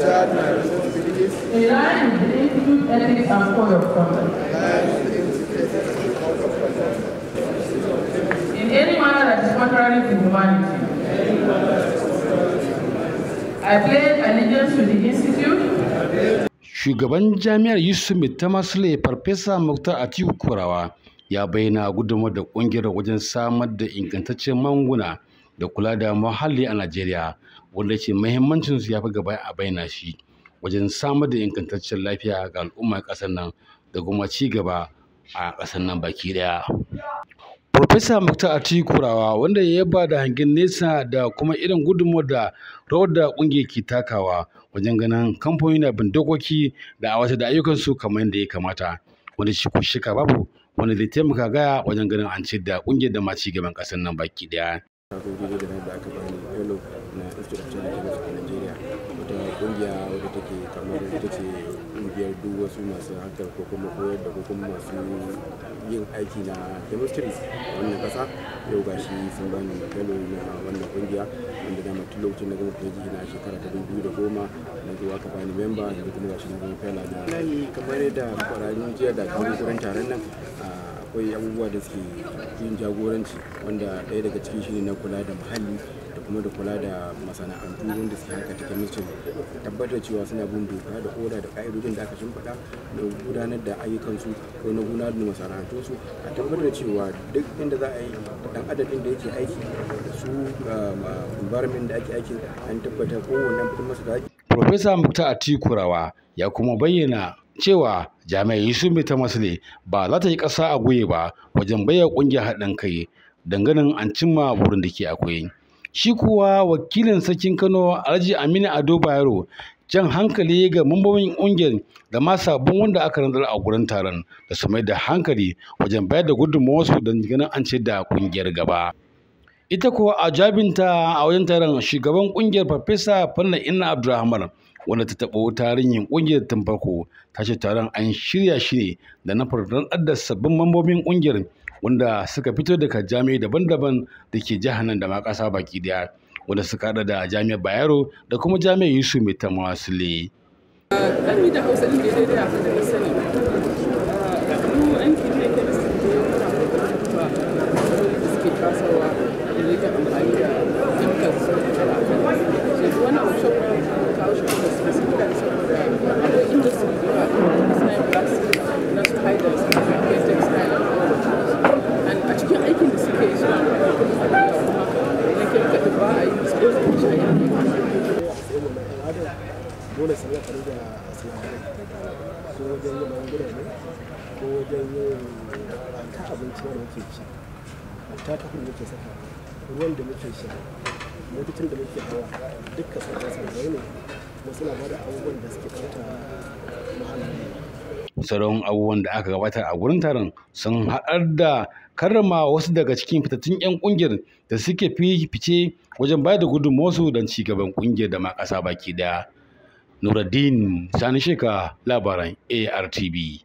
discharge my responsibilities. In line with the Ethics and Code of Conduct. In any manner that is contrary to humanity. I pledge allegiance to the Institute. Shugaban Jami'ar Yusuf Tamasule Farfesa Muktar Atiku Kurawa ya bayyana gudunmawar da ƙungiyar wajen samar da ingantaccen manguna da kula da muhalli a Najeriya wanda ce mahimmancin su ya fi gaba a bayyana shi wajen samar da ingantaccen lafiya ga al'ummar ƙasar nan da kuma ci gaba a ƙasar nan baki ɗaya. Profesa Muktar atikurawa Kurawa wanda ya yaba da hangen nesa da kuma irin gudunmuwar da rawar da ƙungiyar ke takawa wajen ganin kamfani na bin dokoki da a wata da ayyukansu kamar yadda ya kamata wanda shi shika babu wanda zai taimaka gaya wajen ganin an ce da ƙungiyar da ma ci gaban ƙasar nan baki ɗaya. kafin bidiyo da da aka bani fellow na institute of charity of nigeria wata kungiya wadda take kamar ita ce kungiyar duk wasu masu harkar ko kuma koyar da ko kuma masu yin aiki na chemistry a wannan kasa yau gashi sun bani fellow a wannan kungiya wanda dama tun lokacin na gama kwaji na shekara ta dubu da goma na zuwa aka bani memba da kuma gashi na gama fellow na kamar yadda kwararrun jiya da kawo kuran taron nan ah, akwai abubuwa da suke yin jagoranci wanda ɗaya daga cikin shi ne na kula da muhalli da kuma da kula da masana'antu wanda suke haka ta kamishin tabbatar cewa suna bin doka da oda da ka'idojin da aka shimfiɗa da gudanar da ayyukansu ko na gudanar da su a tabbatar cewa duk inda za a yi dan adadin da yake aiki da su ah, environment da ake aiki an tabbatar kowanne fitin masu da Profesa Mukta Atikurawa ya kuma bayyana cewa jami'ar yusuf ta masle ba za ta yi ƙasa a goye ba wajen bayar ƙungiyar haɗin kai dangane an cimma burin da ke akwai shi kuwa wakilin sarkin kano alhaji aminu ado bayero jan hankali ga mambobin ƙungiyar da ma sabon wanda aka rantsar a gurin taron da su mai da hankali wajen bayar da gudunmawarsu don ganin an ce da ƙungiyar gaba ita kuwa a jabinta a wajen taron shugaban ƙungiyar farfesa fanna inna abdulrahman wanda ta taɓo tarihin ƙungiyar tun farko ta ce taron an shirya shi ne da na rantsar da sabbin mambobin ƙungiyar wanda suka fito daga jami'ai daban-daban da ke jihar nan da ma ƙasa baki daya wanda suka haɗa da jami'ar bayero da kuma jami'ar yusu mai ta sule. ƙarfi da hausa da sani ah, mu an kiri da suke tasowa da amfani da su wani kawo dole sai ya rika da sinadarai ko wajen yin magunguna ne ko wajen yin ta abinci da muke ci ta ta kuma muke saka ruwan da muke sha motocin da muke hawa dukkan sun sinadarai ne kuma suna ba da abubuwan da suke kanta muhalli sauran abubuwan da aka gabatar a gurin taron sun haɗar da karrama wasu daga cikin fitattun 'yan ƙungiyar da suke fice wajen bayar da gudunmawarsu don ci gaban kungiyar da ma ƙasa baki daya. Nuruddin Sani Sheka labaran ARTB.